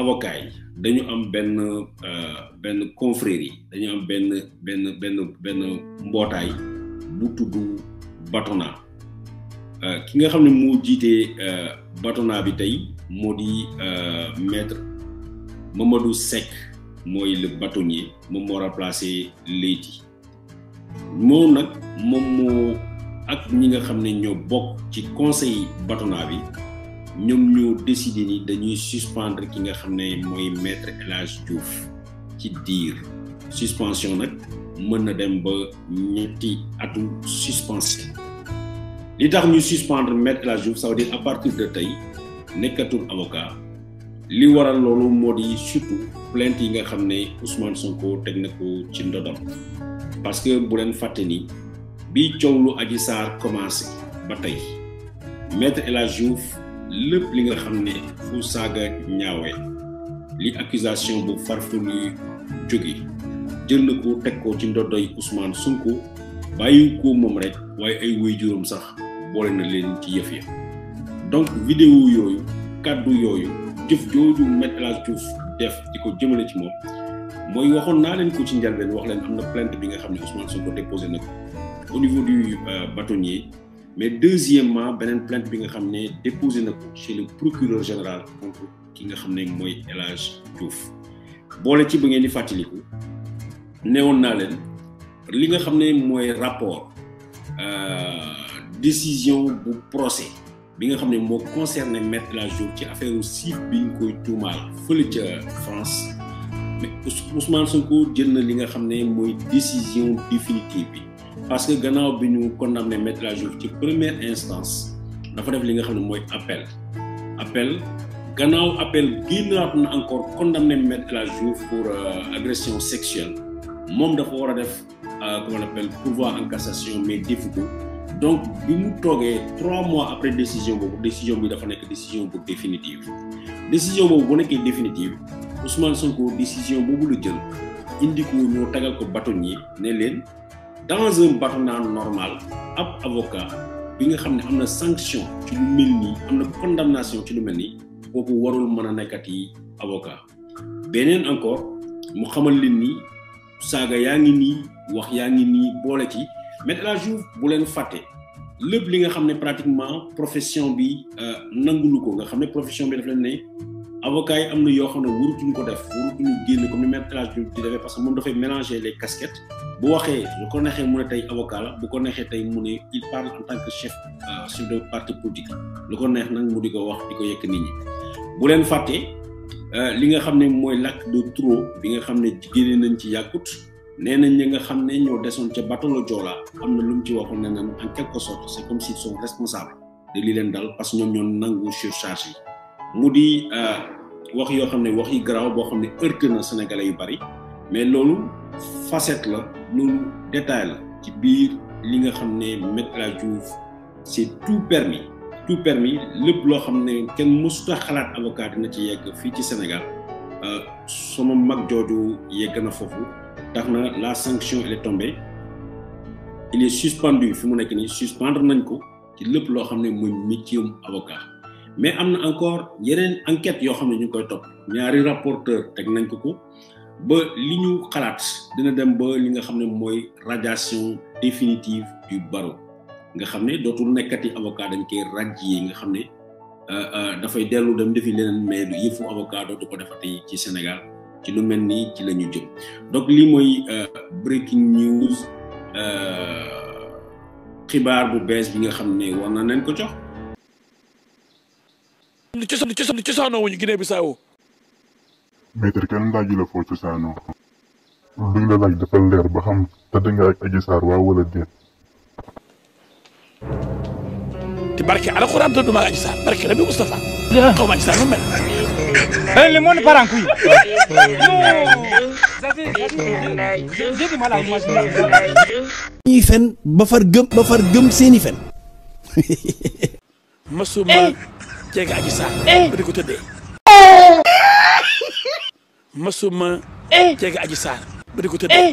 avocats dañu am benn euh, benn confrérie yi dañu am benn benn benn benn mbootaay bu tudd Batona euh, ki nga xam ne moo jiitee euh, Batona bi tey moo di maître Mamadou Seck mooy le bâtonnier moom moo remplacé Leyti moom nag moom moo ak ñi nga xam ne ñoo bokk ci conseil Batona bi Nous avons décidé ni suspendre ki nga ne maître Diouf ci suspension suspension li tax ñu suspendre maître la Diouf ça veut dire à partir de tey nekkatul avocat li waral surtout plainte yi nga Ousmane Sonko ci parce que bu ni bi commencé maître lépp li nga xam ne fu saaga ñaawee li accusation bu farfelu jóge jël na ko teg ko ci ndoddoy Ousmane Sonko bàyyi ko moom rek waaye ay waajuram sax boole na leen ci yëf ya donc vidéo yooyu kàddu yooyu jëf jooju Maître El Hadji Diouf def di ko jëmale ci moom mooy waxoon naa leen ko ci njëlbeen wax leen am na plainte bi nga xam ne Ousmane Sonko déposé na ko au niveau du euh, mais deuxièmement benen plainte bi nga xamné déposé na ko chez le procureur général contre ki nga xamné moy mooy El Hadj Diouf boole ci ba ngeen di fatiliku newoon li nga xamné moy rapport rapport euh, décision bu procès bi nga xamné mo moo concerné Maître El Diouf ci affaire u siif bi ñu koy tuumaal feul ci France mais Ousmane Sonko jël na li nga xamné moy décision définitive bi parce que gannaaw bi ñu condamné mettre la jour ci première instance dafa def li nga xam ne mooy appel appel gannaaw appel génnaat na encore condamné mettre la jour pour euh, agression sexuelle moom dafa war a def euh, comment on appelle pouvoir en cassation mais defu donc bi mu toogee trois mois après décision boobu décision bi dafa nekk décision bu définitive décision boobu bu nekkee définitive Ousmane Sonko décision boobu lu jël indi ko ñoo tagal ko bâton yi ne dans un bâtiment normal ab avocat bi nga xam ne am na sanction ci lu mel nii am na condamnation ci lu mel nii kooku warul mën a nekkati avocat beneen encore mu xamal leen ni saaga yaa ngi nii wax yaa ngi nii boole ci mettre à jour bu leen fàtte lépp li nga xam ne pratiquement profession bi euh, nangulu ko nga xam ne profession bi daf leen ne avocat yi am na yoo xam ne ñu ko def wuru warutuñu génn comme ni maître El Hadj di defee parce que moom dafay mélanger les casquettes bu waxee lu ko neexee mu ne tey avocat la bu ko neexee tey mu ne il parle en tant que chef euh, chef de parti politique lu ko neex nag mu di ko wax di ko yekk nit ñi bu leen fàtte euh, li nga xam ne mooy lac de trop bi nga xam ne génne nañ ci yàggut nee nañ ñi nga xam ne ñoo desoon ca bateau la Joola am na lu mu ci waxoon ne en quelque sorte c'est comme s'ils sont responsables de li leen dal parce que ñoom ñoo nangu surcharge yi mu di euh, wax yoo xam ne wax yi garaaw boo xam ne heurté na sénégalais yu bari mais loolu facette la loolu détail la ci biir li nga xam ne Maître El Hadji c'est tout permis tout permis lépp loo xam ne kenn mësuta xalaat avocat dina ci yegg fii ci Sénégal euh, sama mag jooju yegg na foofu tax na la sanction elle est tombée il est suspendu fi mu nekk nii suspendre nañ ko ci lépp loo xam ne mooy métier avocat mais am na encore yeneen enquête yoo xam ne ñu koy topp ñaari rapporteur teg nañ ko ko ba li ñu xalaat dina dem ba li nga xam ne mooy radiation définitive du barreau nga xam ne dootul nekkati avocat dañ koy radier nga xam ne euh, euh, dafay dellu dem defi leneen mais du yëfu avocat dootu ko defati ci Sénégal ci lu mel nii ci lañu ñu jëm donc lii mooy euh, breaking news xibaar bu bees bi nga xam ne war na leen ko jox. lu ci lu ci cosaanoo wuñu Guinée Bissau. maître kenn laaju la foo cosaanoo. duñ la laaj dafa leer ba xam tëdd nga ak Adji Sarr waaw wala déet. te barke alxuraan te duma Adji Sarr barke Nabi Moustapha. xaw ma Adji Sarr mu mel. Hey, eh, le monde part en couille. ñuy fen ba far gëm ba far gëm seeni fen. masuma. Eh. Jaga Adji sa, da ko tuddee masuma Diega Adji Sarr ba Peter ko tuddee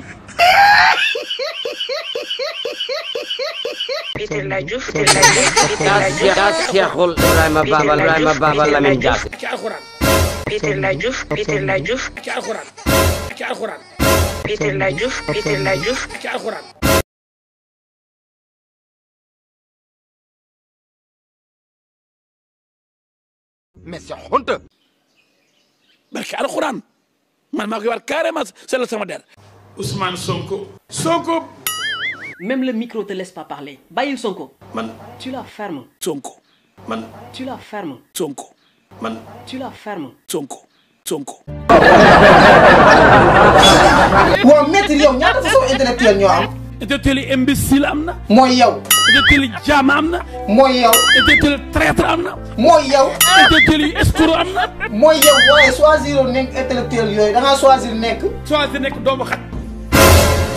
Cheikhul Ibrahima Baba Ibrahima Baba Lamine Peter La Peter La Diouf ci Peter La Peter La Diouf mais c'est honteux. le Coran. man maa koy waat carrément seetlu sama der. Ousmane Sonko. Sonko. même le micro te laisse pas parler bàyyil Sonko. man tu la fermes. Sonko. man tu la fermes. Sonko. man tu la fermes. Sonko Sonko. waaw maître yow ñaata façon intellectuel ñoo am. intellectuel yi imbécile am na. mooy yow. intellectuel yi jaam am na. mooy yow. intellectuel yi traître am na. mooy yow. intellectuel yi escroc am na. mooy yow waaye choisir nekk intellectuel yooyu da ngaa choisir nekk. choisir nekk doomu xat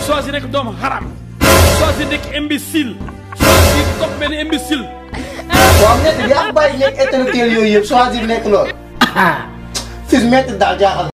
choisir nekk doomu xaram choisir nekk imbécile choisir topp benn imbécile. waaw nekk bi ak bàyyi nekk intellectuel yooyu yëpp choisir nekk lool. Ah, ah. fii maître daal jaaxal.